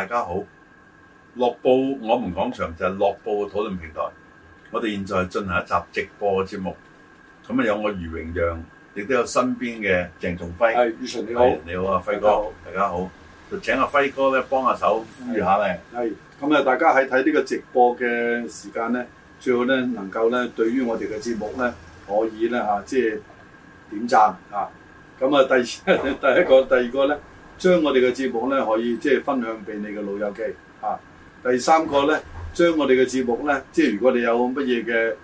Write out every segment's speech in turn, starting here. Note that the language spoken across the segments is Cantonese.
大家好，樂報我們講場就係樂報嘅討論平台。我哋現在進行一集直播嘅節目，咁啊有我余榮讓，亦都有身邊嘅鄭仲輝。係，余 Sir 你好，你好啊輝哥，大，大家好。就請阿輝哥咧幫下手呼籲下咧。係，咁啊大家喺睇呢個直播嘅時間咧，最好咧能夠咧對於我哋嘅節目咧可以咧吓即係點讚吓。咁啊第二第一個第二個咧。將我哋嘅節目咧可以即係分享俾你嘅老友記啊！第三個咧，將我哋嘅節目咧，即係如果你有乜嘢嘅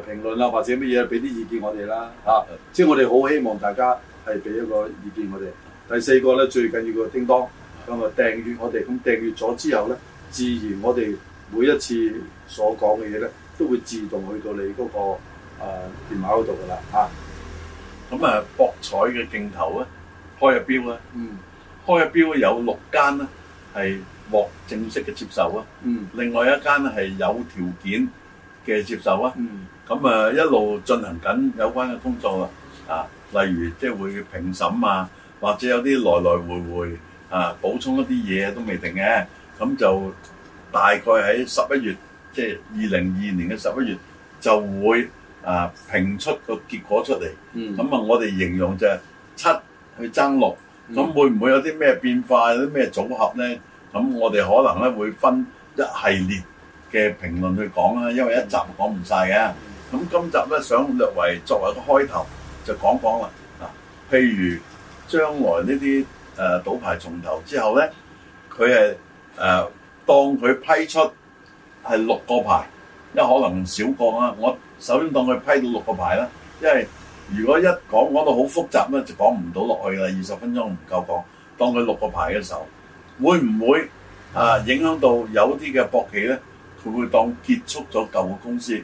誒評論啊，或者乜嘢，俾啲意見我哋啦啊，啊，啊！即係我哋好希望大家係俾一個意見我哋。第四個咧，最緊要個叮噹咁、嗯、啊訂閲我哋，咁訂閲咗之後咧，自然我哋每一次所講嘅嘢咧，都會自動去到你嗰、嗰個誒、啊、電話嗰度噶啦啊！咁啊博彩嘅鏡頭咧，開入標啦，嗯。開標有六間咧係獲正式嘅接受啊，另外一間咧係有條件嘅接受啊，咁啊一路進行緊有關嘅工作啊，啊，例如即係會評審啊，或者有啲來來回回啊補充一啲嘢都未定嘅，咁就大概喺十一月，即係二零二二年嘅十一月就會啊評出個結果出嚟，咁啊我哋形容就係七去爭六。咁、嗯、會唔會有啲咩變化，有啲咩組合呢？咁我哋可能咧會分一系列嘅評論去講啦，因為一集講唔晒嘅。咁今集咧想略為作為一個開頭，就講講啦。譬如將來呢啲誒賭牌重投之後呢，佢係誒當佢批出係六個牌，因為可能少個呀。我首先當佢批到六個牌啦，因為如果一講講到好複雜咧，就講唔到落去啦，二十分鐘唔夠講，當佢六個牌嘅時候，會唔會啊影響到有啲嘅博企咧？佢會當結束咗舊嘅公司，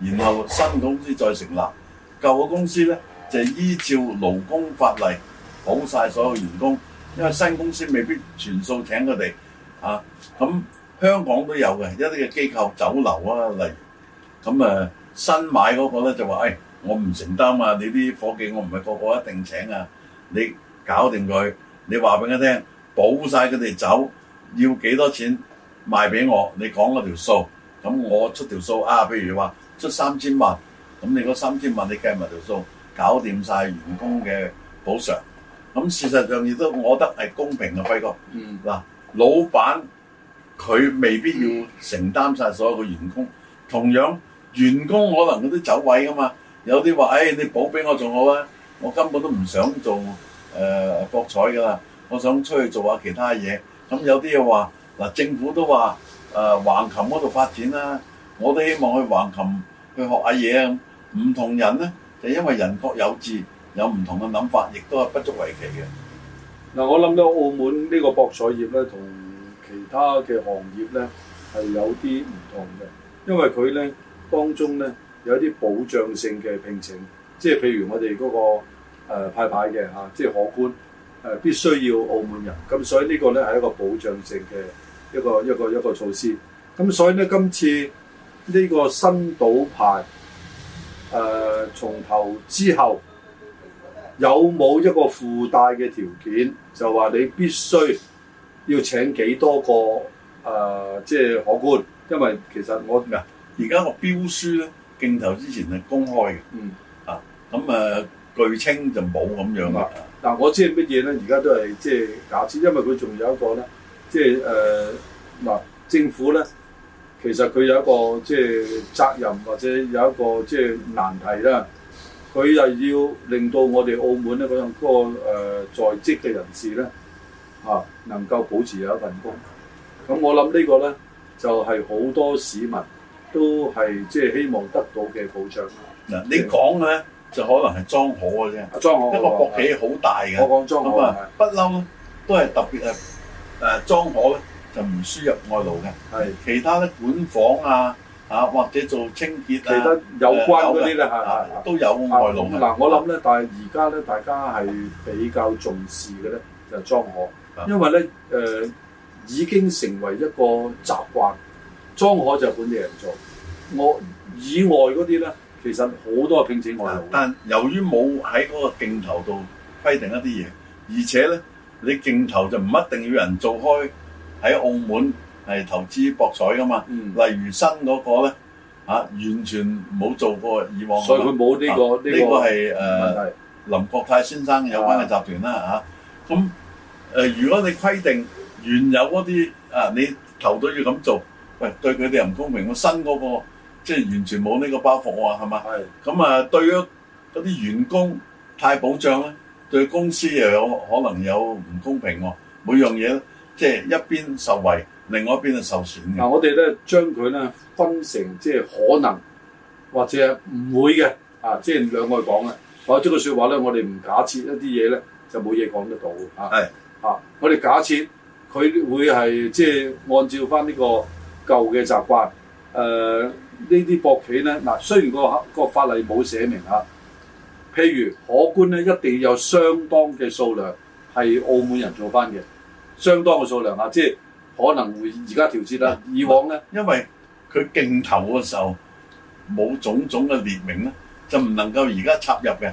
然後新公司再成立，舊嘅公司咧就依照勞工法例補曬所有員工，因為新公司未必全數請佢哋啊。咁香港都有嘅一啲嘅機構酒樓啊，例如咁誒新買嗰個咧就話誒。我唔承擔啊！你啲夥計我唔係個個一定請啊！你搞定佢，你話俾佢聽，補曬佢哋走，要幾多錢賣俾我？你講嗰條數，咁我出條數啊！譬如話出三千萬，咁你嗰三千萬你計埋條數，搞掂曬員工嘅補償。咁事實上亦都，我覺得係公平嘅，輝哥。嗯。嗱，老闆佢未必要承擔曬所有嘅員工，同樣員工可能嗰啲走位噶嘛。有啲話，誒、哎，你補俾我仲好啊！我根本都唔想做誒博、呃、彩㗎啦，我想出去做下其他嘢。咁有啲又話，嗱，政府都話誒、呃、橫琴嗰度發展啦，我都希望去橫琴去學下嘢。唔同人呢，就因為人各有志，有唔同嘅諗法，亦都係不足為奇嘅。嗱、呃，我諗到澳門呢個博彩業呢，同其他嘅行業呢，係有啲唔同嘅，因為佢呢當中呢。有一啲保障性嘅聘請，即係譬如我哋嗰個派牌嘅嚇，即係可觀誒必須要澳門人，咁所以呢個咧係一個保障性嘅一個一個一個措施。咁所以咧今次呢個新賭牌誒從頭之後有冇一個附帶嘅條件，就話你必須要請幾多個誒、呃、即係可觀，因為其實我而家個標書咧。鏡頭之前係公開嘅、嗯，啊咁啊據稱就冇咁樣嘞。嗱、嗯啊，我知係乜嘢咧？而家都係即係假設，因為佢仲有一個咧，即係誒嗱政府咧，其實佢有一個即係、就是、責任或者有一個即係、就是、難題啦。佢又要令到我哋澳門咧嗰、那個誒、呃、在職嘅人士咧，嚇、啊、能夠保持有一份工。咁我諗呢個咧就係、是、好多市民。都係即係希望得到嘅保障。嗱，你講咧就可能係莊荷嘅啫。莊、啊、荷、啊，一個國企好大嘅。我講莊荷咁啊，不嬲都係特別係誒莊荷咧，就唔輸入外勞嘅。係其他咧管房啊，嚇、啊、或者做清潔、啊，其他有關嗰啲咧係都有外勞。嗱、啊，我諗咧，但係而家咧，大家係比較重視嘅咧就莊荷，因為咧誒、呃、已經成為一個習慣。莊荷就本地人做，我以外嗰啲咧，其實好多係聘請外勞。但，但由於冇喺嗰個競投度規定一啲嘢，而且咧你競投就唔一定要人做開喺澳門係投資博彩㗎嘛、嗯。例如新嗰個咧嚇、啊，完全冇做過以往，所以佢冇呢個呢、啊這個係誒、這個呃、林國泰先生有關嘅集團啦嚇。咁誒、啊呃，如果你規定原有嗰啲啊，你投到要咁做。喂，對佢哋又唔公平喎，新嗰個即係完全冇呢個包袱喎，係嘛？係。咁啊，對咗嗰啲員工太保障咧，對公司又有可能有唔公平喎，每樣嘢咧，即係一邊受惠，另外一邊啊受損嘅。嗱，我哋咧將佢咧分成即係可能或者唔會嘅，啊，即係兩個講嘅。我哋即係話咧，我哋唔假設一啲嘢咧，就冇嘢講得到啊。係啊，我哋假設佢會係即係按照返呢個。舊嘅習慣，誒呢啲博企咧，嗱雖然、嗰個、嗰個法例冇寫明啊，譬如可觀咧，一定有相當嘅數量係澳門人做翻嘅，相當嘅數量啊，即係可能會而家調節啦。以往咧，因為佢競投嘅時候冇種種嘅列明咧，就唔能夠而家插入嘅。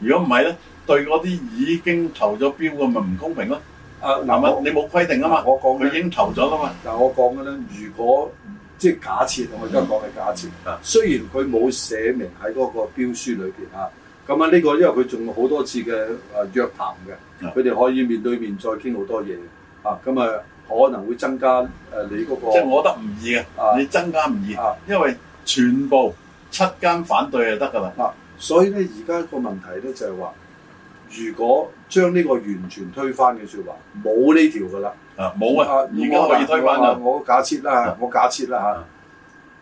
如果唔係咧，對嗰啲已經投咗標嘅咪唔公平咯。啊，嗱，乜你冇規定啊嘛？我講佢已經投咗噶嘛。但係我講嘅咧，如果即係假設，我而家講嘅假設、嗯啊，雖然佢冇寫明喺嗰個標書裏邊咁啊呢、這個因為佢仲有好多次嘅啊約談嘅，佢哋可以面對面再傾好多嘢啊，咁啊可能會增加誒、啊、你嗰、那個。即、就、係、是、我覺得唔易嘅、啊，你增加唔易、啊，因為全部七間反對就得噶啦。嗱、啊，所以咧而家個問題咧就係話。如果將呢個完全推翻嘅說話，冇呢條㗎啦，啊冇啊，而家可以推翻啦，我假設啦，我假設啦、啊啊啊、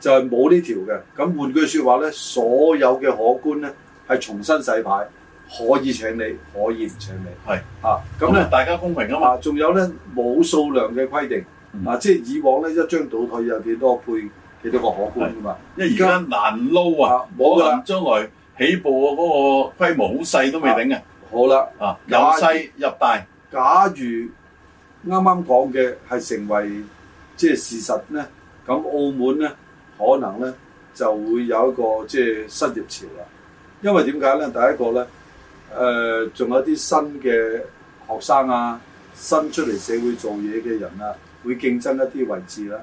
就係冇呢條嘅。咁換句說話咧，所有嘅可觀咧係重新洗牌，可以請你，可以唔請你。啊，咁咧大家公平啊嘛。仲、啊、有咧冇數量嘅規定、嗯、啊，即係以往咧一張倒退有幾多倍幾多個可觀嘛。因為而家難撈啊，冇啦、啊，啊、將來起步嗰個規模好細都未定嘅、啊。好啦，由細、啊、入大。假如啱啱講嘅係成為即係、就是、事實咧，咁澳門咧可能咧就會有一個即係失業潮啦。因為點解咧？第一個咧，誒、呃、仲有啲新嘅學生啊，新出嚟社會做嘢嘅人啊，會競爭一啲位置啦。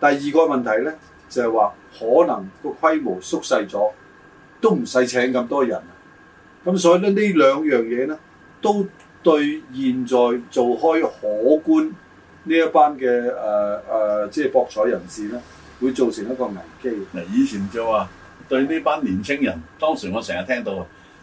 第二個問題咧就係、是、話，可能個規模縮細咗，都唔使請咁多人。咁所以咧，呢兩樣嘢咧，都對現在做開可觀呢一班嘅誒誒，即係博彩人士咧，會造成一個危機。嗱，以前就話對呢班年青人，當時我成日聽到，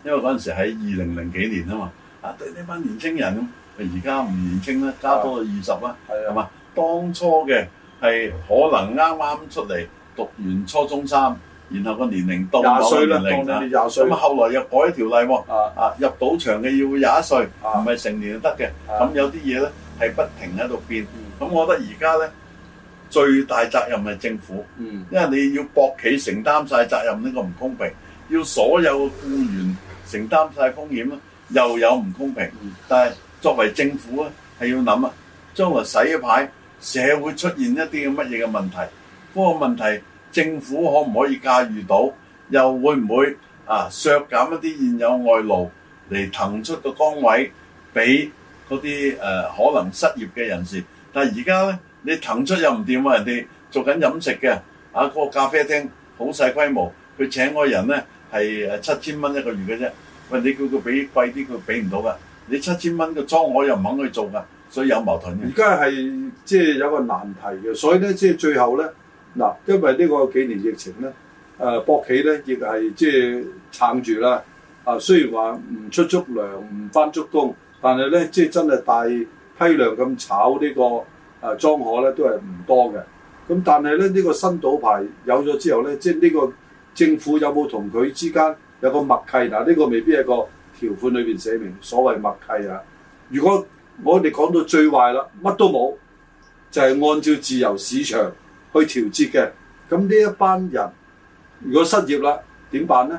因為嗰陣時喺二零零幾年啊嘛，啊對呢班年青人，而家唔年青啦，加多咗二十啦，係嘛、啊？當初嘅係可能啱啱出嚟讀完初中三。然後個年齡到到年齡啊，咁啊後來又改條例喎，啊、uh-huh. 入賭場嘅要廿一歲，唔、uh-huh. 係成年就得嘅。咁、uh-huh. 有啲嘢咧係不停喺度變。咁、uh-huh. 我覺得而家咧最大責任係政府，uh-huh. 因為你要博企承擔晒責任呢、個唔公平，要所有僱員承擔晒風險咧又有唔公平。Uh-huh. 但係作為政府啊，係要諗啊，將來洗牌，社會出現一啲乜嘢嘅問題，嗰、個問題。政府可唔可以駕馭到？又會唔會啊削減一啲現有外勞嚟騰出個崗位俾嗰啲誒可能失業嘅人士？但係而家咧，你騰出又唔掂啊！人哋做緊飲食嘅啊，個咖啡廳好細規模，佢請嗰個人咧係誒七千蚊一個月嘅啫。喂，你叫佢俾貴啲，佢俾唔到㗎。你七千蚊個崗位我又唔肯去做㗎，所以有矛盾嘅。而家係即係有個難題嘅，所以咧即係最後咧。嗱，因為呢個幾年疫情咧，誒博企咧亦係即係撐住啦。啊，雖然話唔出足糧，唔返足工，但係咧即係真係大批量咁炒這個呢個誒莊荷咧都係唔多嘅。咁但係咧呢、這個新賭牌有咗之後咧，即係呢個政府有冇同佢之間有個默契？嗱，呢個未必係個條款裏邊寫明所謂默契啊。如果我哋講到最壞啦，乜都冇，就係、是、按照自由市場。去調節嘅，咁呢一班人如果失業啦，點辦咧？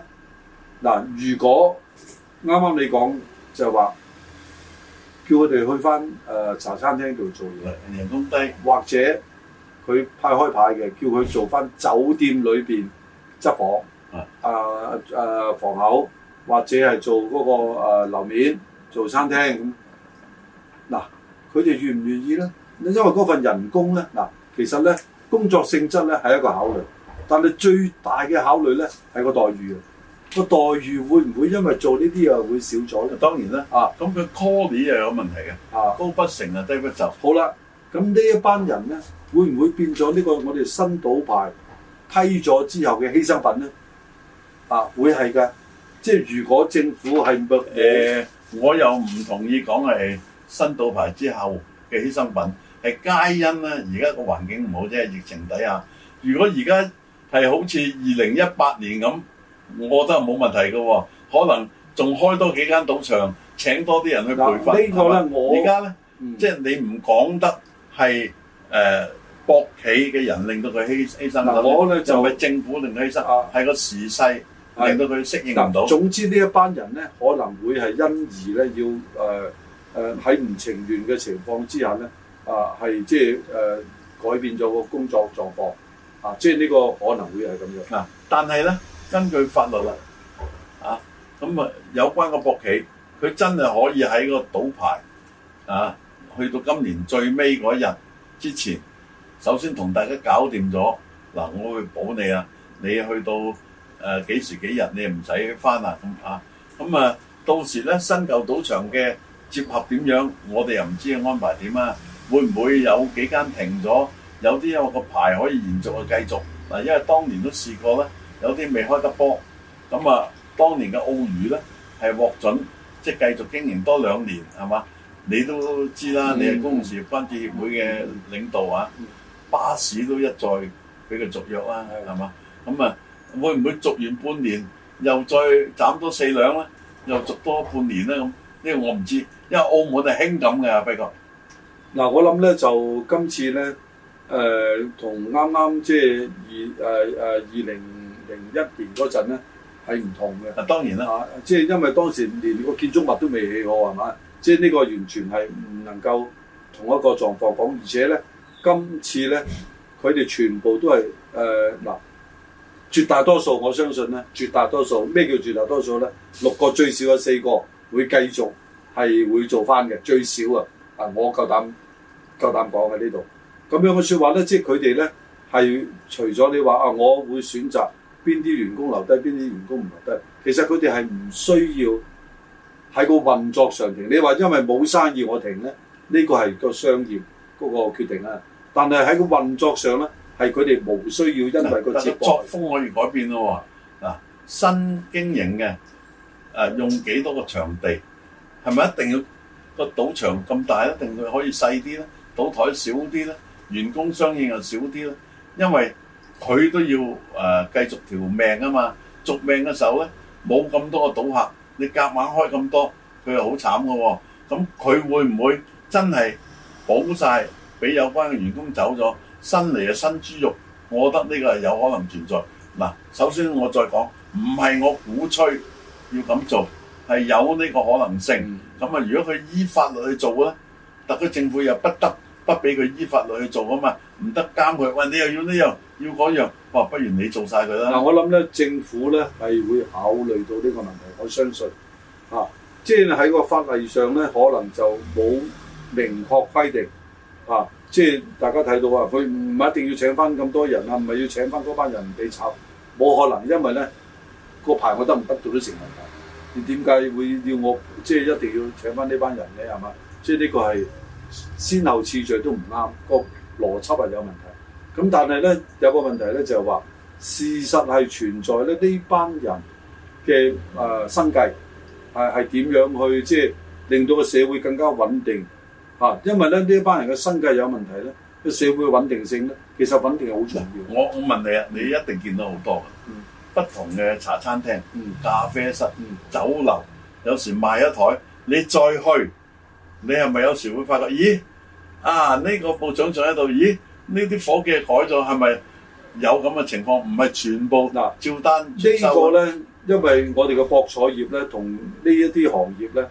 嗱，如果啱啱你講就係、是、話叫佢哋去翻誒、呃、茶餐廳度做嘢，人工低，或者佢派開牌嘅，叫佢做翻酒店裏邊執房，啊啊、呃呃、房口，或者係做嗰、那個誒樓、呃、面做餐廳咁。嗱，佢、呃、哋願唔願意咧？因為嗰份人工咧，嗱、呃，其實咧。工作性質咧係一個考慮，但係最大嘅考慮咧係個待遇啊！個待遇會唔會因為做呢啲啊會少咗咧？當然啦，啊，咁佢 call 你又有問題嘅，啊，高不成啊低不就。好啦，咁呢一班人咧會唔會變咗呢個我哋新賭牌批咗之後嘅犧牲品咧？啊，會係㗎，即係如果政府係誒、呃，我又唔同意講係新賭牌之後。犧牲品，係皆因咧，而家個環境唔好啫。疫情底下，如果而家係好似二零一八年咁，我覺得冇問題嘅，可能仲開多幾間賭場，請多啲人去培訓。這個、呢個咧，我而家咧，即係你唔講得係誒博企嘅人令到佢犧犧牲我咧，就係、是、政府令佢犧牲，係個時勢令到佢適應唔到、嗯。總之這一呢一班人咧，可能會係因而咧要誒。呃誒喺唔情願嘅情況之下咧，啊，係即係誒改變咗個工作狀況，啊，即係呢個可能會係咁樣。嗱、啊，但係咧，根據法律嚟，啊，咁啊，有關個博企，佢真係可以喺個賭牌，啊，去到今年最尾嗰日之前，首先同大家搞掂咗，嗱、啊，我會保你啊，你去到誒、啊、幾時幾日，你唔使翻啊咁啊，咁啊，到時咧新舊賭場嘅。接合點樣？我哋又唔知安排點啊！會唔會有幾間停咗？有啲有個牌可以延續去繼續嗱，因為當年都試過啦，有啲未開得波咁啊，當年嘅澳娛咧係獲准，即係繼續經營多兩年係嘛？你都知啦、嗯，你係公共事業關注協會嘅領導啊，巴士都一再俾佢續約啦。係嘛？咁啊，會唔會續完半年又再斬多四兩咧？又續多半年咧咁？呢、這個我唔知。因為澳門係興緊嘅，費確。嗱、啊，我諗咧就今次咧，誒、呃呃、同啱啱即係二誒誒二零零一年嗰陣咧係唔同嘅。嗱，當然啦嚇，即、啊、係、就是、因為當時連個建築物都未起好係嘛，即係呢個完全係唔能夠同一個狀況講。而且咧，今次咧，佢哋全部都係誒嗱，絕大多數我相信咧，絕大多數咩叫絕大多數咧？六個最少有四個會繼續。係會做翻嘅，最少啊！啊，我夠膽夠膽講喺呢度咁樣嘅說話咧，即係佢哋咧係除咗你話啊，我會選擇邊啲員工留低，邊啲員工唔留低。其實佢哋係唔需要喺個運作上停。你話因為冇生意我停咧，呢個係個商業嗰個決定啊。但係喺個運作上咧，係佢哋冇需要因為個作風而改變咯。嗱，啊，新經營嘅，啊，用幾多個場地？係咪一定要個賭場咁大？一定佢可以細啲咧，賭台少啲咧，員工相應又少啲咧。因為佢都要誒繼續條命啊嘛，續命嘅時候咧，冇咁多個賭客，你夾硬開咁多，佢又好慘嘅喎。咁佢會唔會真係補曬俾有關嘅員工走咗？新嚟嘅新豬肉，我覺得呢個係有可能存在。嗱，首先我再講，唔係我鼓吹要咁做。係有呢個可能性，咁啊，如果佢依法律去做咧，特區政府又不得不俾佢依法律去做啊嘛，唔得監佢。喂，你又要呢樣，要嗰樣，哇！不如你做晒佢啦。嗱，啊，我諗咧，政府咧係會考慮到呢個問題，我相信啊。即係喺個法例上咧，可能就冇明確規定啊。即係大家睇到啊，佢唔係一定要請翻咁多人啊，唔係要請翻嗰班人俾炒，冇可能，因為咧個牌我得唔得到都成問你點解會要我即係、就是、一定要請翻呢班人咧？係嘛？即係呢個係先後次序都唔啱，個邏輯係有問題。咁但係咧有個問題咧就係、是、話事實係存在咧呢班人嘅誒、呃、生計係係點樣去即係、就是、令到個社會更加穩定嚇、啊？因為咧呢班人嘅生計有問題咧，個社會嘅穩定性咧其實穩定係好重要。我我問你啊，你一定見到好多嘅。不同嘅茶餐廳、嗯咖啡室、嗯酒樓，有時賣一台，你再去，你係咪有時會發覺？咦啊，呢、這個部長仲喺度，咦？呢啲伙計改咗，係咪有咁嘅情況？唔係全部嗱照單。這個、呢個咧，因為我哋嘅博彩業咧，同呢一啲行業咧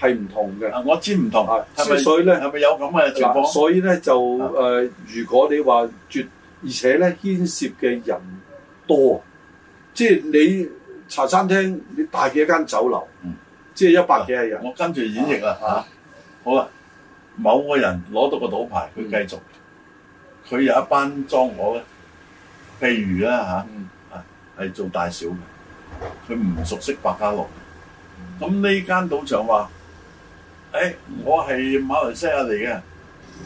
係唔同嘅、啊。我知唔同。咪、啊？所以咧，係咪有咁嘅情況？啊、所以咧就誒、呃，如果你話絕，而且咧牽涉嘅人多。即係你茶餐廳，你大幾間酒樓，嗯，即係一百幾人、啊。我跟住演繹啊，吓、啊、好啦。某個人攞到個賭牌，佢繼續，佢、嗯、有一班莊我咧。譬如啦，吓、啊、係、嗯、做大小嘅，佢唔熟悉百家樂。咁、嗯、呢間賭場話：誒、哎，我係馬來西亞嚟嘅，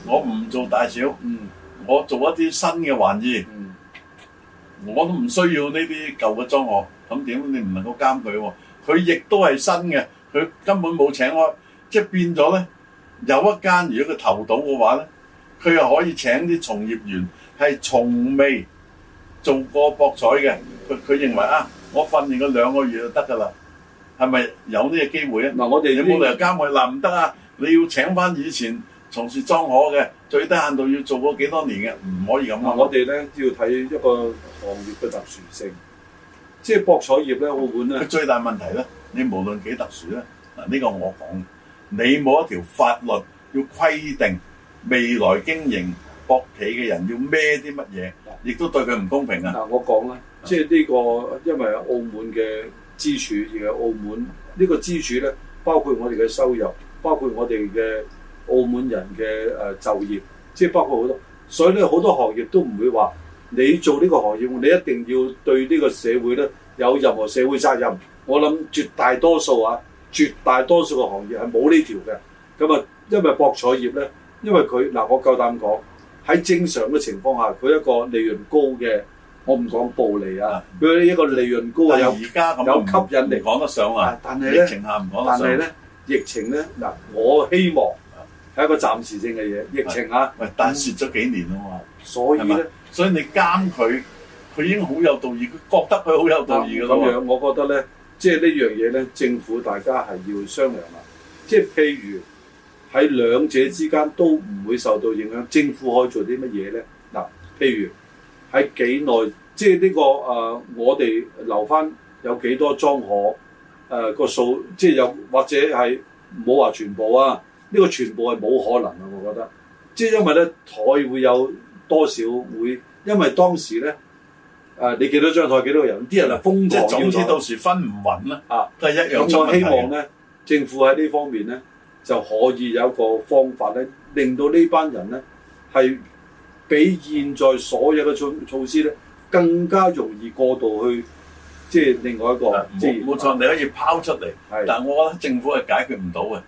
我唔做大小，嗯、我做一啲新嘅玩意。嗯我都唔需要呢啲舊嘅裝我，咁、啊、點你唔能夠監佢喎？佢亦都係新嘅，佢根本冇請我，即係變咗咧。有一間如果佢投到嘅話咧，佢又可以請啲從業員係從未做過博彩嘅，佢佢認為啊，我訓練咗兩個月就得㗎啦，係咪有呢個機會咧？嗱、啊，我哋有冇理由監佢，嗱唔得啊！你要請翻以前。從事莊荷嘅最低限度要做過幾多年嘅，唔可以咁啊！我哋咧要睇一個行業嘅特殊性，即係博彩業咧，澳門咧。佢最大問題咧，你無論幾特殊咧，嗱、這、呢個我講，你冇一條法律要規定未來經營博企嘅人要孭啲乜嘢，亦都對佢唔公平啊！嗱、啊，我講啦，即係呢、這個因為澳門嘅支柱而係澳門呢、這個支柱咧，包括我哋嘅收入，包括我哋嘅。澳門人嘅誒就業，即係包括好多，所以咧好多行業都唔會話你做呢個行業，你一定要對呢個社會咧有任何社會責任。我諗絕大多數啊，絕大多數嘅行業係冇呢條嘅。咁啊，因為博彩業咧，因為佢嗱，我夠膽講喺正常嘅情況下，佢一個利潤高嘅，我唔講暴利啊，佢一個利潤高嘅有而家咁有吸引力，講得上啊！但係咧疫情下唔講得上。但係咧疫情咧嗱，我希望。係一個暫時性嘅嘢，疫情啊，唔但係咗幾年啊嘛、嗯。所以咧，所以你監佢，佢已經好有道義，佢、嗯、覺得佢好有道義嘅咁咁樣，我覺得咧，即係呢樣嘢咧，政府大家係要商量啦。即係譬如喺兩者之間都唔會受到影響，政府可以做啲乜嘢咧？嗱，譬如喺幾耐，即係、這、呢個誒、呃，我哋留翻有幾多裝可誒、呃、個數，即係有或者係好話全部啊。呢、這個全部係冇可能啊！我覺得，即係因為咧台會有多少會，因為當時咧誒、啊、你幾多張台幾多人啲人啊瘋狂，即係總之到時分唔穩啦啊！都係一樣咁，啊、我希望咧政府喺呢方面咧就可以有一個方法咧，令到呢班人咧係比現在所有嘅措措施咧更加容易過渡去，即係另外一個。冇錯、就是，你可以拋出嚟、啊，但係我覺得政府係解決唔到嘅。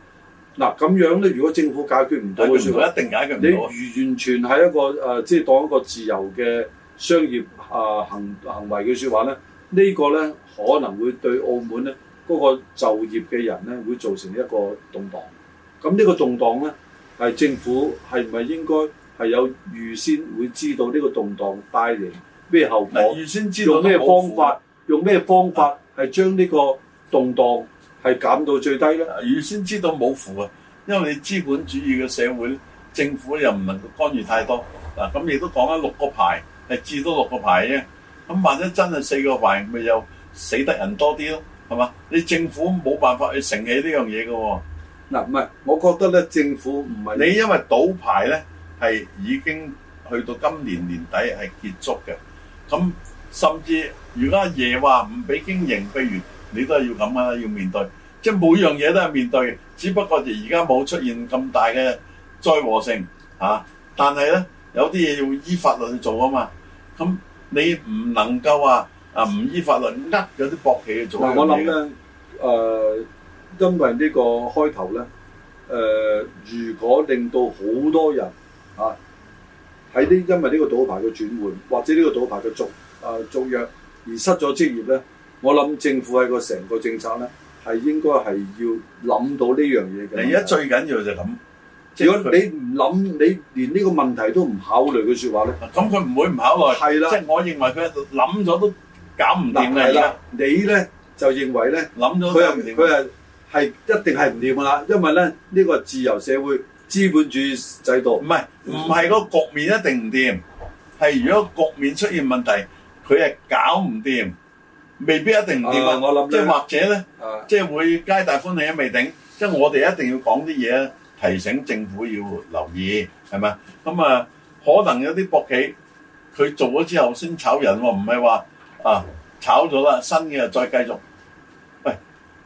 嗱咁樣咧，如果政府解決唔到嘅話，一定解決唔到。你如完全係一個、呃、即係當一個自由嘅商業啊、呃、行行為嘅說話咧，這個、呢個咧可能會對澳門咧嗰、那個就業嘅人咧會造成一個動盪。咁、嗯、呢、這個動盪咧，係政府係唔係應該係有預先會知道呢個動盪帶嚟咩後果？預先知道用咩方法？用咩方法係將呢個動盪？係減到最低啦，原先知道冇符啊，因為你資本主義嘅社會，政府又唔能夠干預太多。嗱、啊，咁亦都講緊六個牌，係至多六個牌啫。咁萬一真係四個牌，咪又死得人多啲咯、啊，係嘛？你政府冇辦法去承起呢樣嘢嘅喎。嗱、啊，唔係我覺得咧，政府唔係你因為賭牌咧，係已經去到今年年底係結束嘅。咁、啊嗯、甚至如果阿爺話唔俾經營，譬如。你都係要咁啊，要面對，即係每樣嘢都係面對，只不過而家冇出現咁大嘅災禍性嚇、啊，但係咧有啲嘢要依法律去做啊嘛，咁你唔能夠話啊唔依法律些薄呃嗰啲博企去做。我諗咧誒，因為呢個開頭咧誒，如果令到好多人嚇喺啲因為呢個賭牌嘅轉換或者呢個賭牌嘅續誒、呃、續約而失咗職業咧。我諗政府喺個成個政策咧，係應該係要諗到呢樣嘢嘅。而家最緊要就咁。如果你唔諗，你連呢個問題都唔考慮嘅說話咧，咁佢唔會唔考慮。係啦，即係我認為佢諗咗都搞唔掂係啦。你咧就認為咧諗咗佢又唔掂，佢又係一定係唔掂噶啦，因為咧呢個自由社會資本主義制度唔係唔係個局面一定唔掂，係如果局面出現問題，佢係搞唔掂。未必一定唔掂啊！即、uh, 係或者咧，即、uh, 係會皆大歡喜啊！未定，即係我哋一定要講啲嘢提醒政府要留意，係咪？咁啊，可能有啲博企佢做咗之後先炒人喎、哦，唔係話啊炒咗啦，新嘅再繼續喂、哎、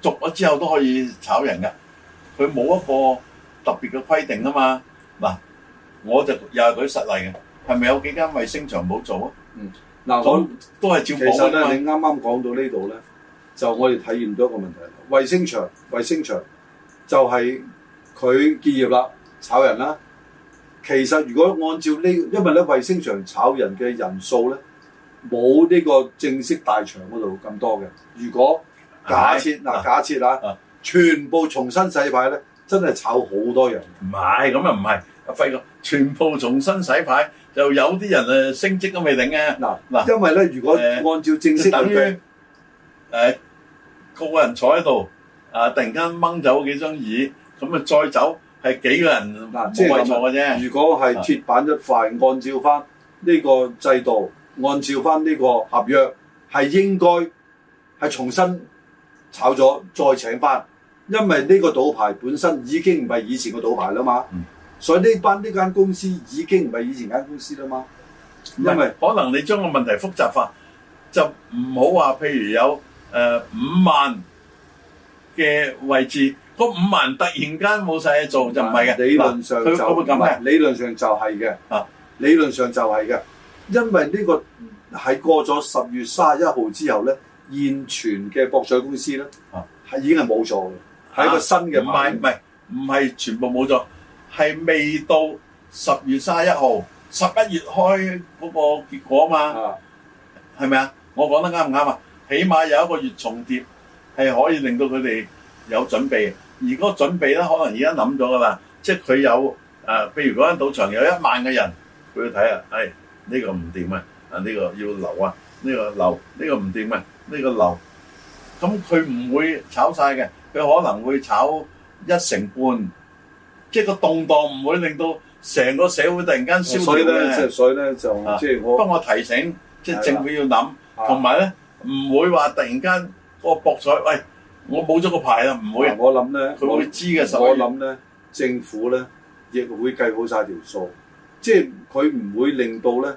續咗之後都可以炒人噶，佢冇一個特別嘅規定啊嘛嗱，我就又係舉實例嘅，係咪有幾間衛星場冇做啊？嗯。嗱，都係照其實咧、嗯，你啱啱講到呢度咧，就我哋體驗到一個問題。衞星場、衞星場就係佢結業啦，炒人啦。其實如果按照呢、這個，因為咧衞星場炒人嘅人數咧，冇呢個正式大場嗰度咁多嘅。如果假設嗱，假設、哎呃、啊，全部重新洗牌咧，真係炒好多人。唔係，咁又唔係。阿輝哥，全部重新洗牌。就有啲人升職都未定嘅嗱，因為咧，如果按照正式、呃、等佢誒個個人坐喺度，啊，突然間掹走幾張椅，咁啊再走係幾個人冇位坐嘅啫。如果係鐵板一塊，按照翻呢個制度，按照翻呢個合約，係應該係重新炒咗再請翻，因為呢個賭牌本身已經唔係以前嘅賭牌啦嘛。嗯所以呢班呢間公司已經唔係以前間公司啦嘛，因為可能你將個問題複雜化，就唔好話譬如有誒五、呃、萬嘅位置，個五萬突然間冇晒嘢做，嗯、就唔係嘅理論上就咁嘅，理論上就係嘅啊，理論上就係嘅，因為呢、呢個喺過咗十月卅一號之後咧，現存嘅博彩公司咧，係、啊、已經係冇錯嘅係一個新嘅唔係唔係唔係全部冇咗。係未到十月三十一號，十一月開嗰個結果嘛？係咪啊？我講得啱唔啱啊？起碼有一個月重疊，係可以令到佢哋有準備。而個準備咧，可能而家諗咗噶啦，即係佢有誒。譬如嗰間賭場有一萬嘅人，佢睇下誒呢個唔掂啊，啊，呢個要留啊，呢個留，呢個唔掂啊，呢個留。咁佢唔會炒晒嘅，佢可能會炒一成半。即係個動盪唔會令到成個社會突然間消極咧。所以即係、就是、所以咧，就即、啊就是、我。不過我提醒，即、就是、政府要諗，同埋咧唔會話突然間個博彩，喂、哎，我冇咗個牌啦，唔會。我諗咧，佢會知嘅時候，我諗咧，政府咧亦會計好晒條數，即係佢唔會令到咧。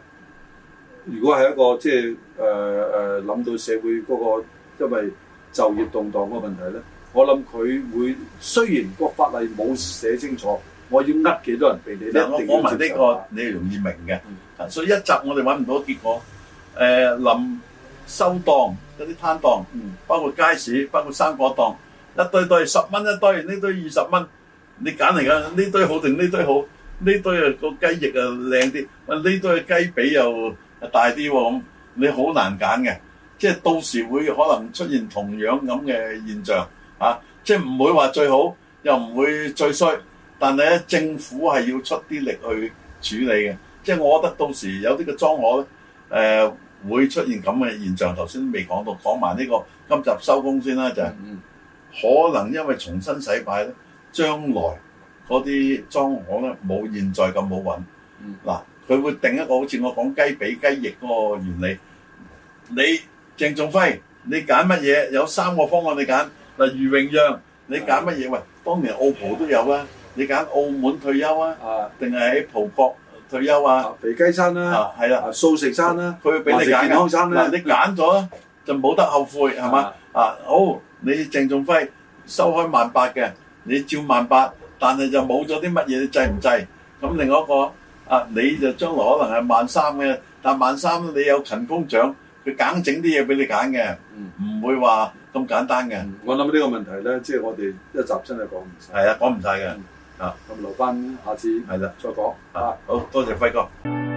如果係一個即係諗、呃呃、到社會嗰、那個因為就業動盪嗰個問題咧。我諗佢會，雖然個法例冇寫清楚，我要呃幾多人俾你，你，你講埋呢個，你係容易明嘅、嗯。所以一集我哋揾唔到結果。誒、呃，臨收檔有啲攤檔，嗯，包括街市，包括生果檔，一堆堆十蚊一堆，呢堆二十蚊，你揀嚟噶？呢堆好定呢堆好？呢堆啊個雞翼啊靚啲，呢堆嘅雞髀又大啲喎咁，你好難揀嘅。即係到時會可能出現同樣咁嘅現象。啊！即係唔會話最好，又唔會最衰，但係咧政府係要出啲力去處理嘅。即係我覺得到時有啲嘅莊我荷誒、呃、會出現咁嘅現象。頭先未講到，講埋呢個今集收工先啦，就係、是嗯、可能因為重新洗牌咧，將來嗰啲莊荷咧冇現在咁好揾。嗱、嗯，佢會定一個好似我講雞髀雞翼個原理，你鄭仲輝，你揀乜嘢？有三個方案你揀。嗱，余榮讓，你揀乜嘢喂？當年澳葡都有啊，你揀澳門退休啊，定係喺葡國退休啊？肥雞山啦，係啦，素食山啦，佢俾你揀嘅。你揀咗就冇得後悔，係嘛？啊，好，你鄭仲輝收開萬八嘅，你照萬八，但係就冇咗啲乜嘢，你制唔制？咁另一個啊，你就將來可能係萬三嘅，但萬三你有勤工獎，佢揀整啲嘢俾你揀嘅，唔會話。咁簡單嘅，嗯，我諗呢個問題咧，即係我哋一集真係講唔晒。係啊，講唔晒嘅啊，咁留翻下次係啦，再講啊。好多謝輝哥。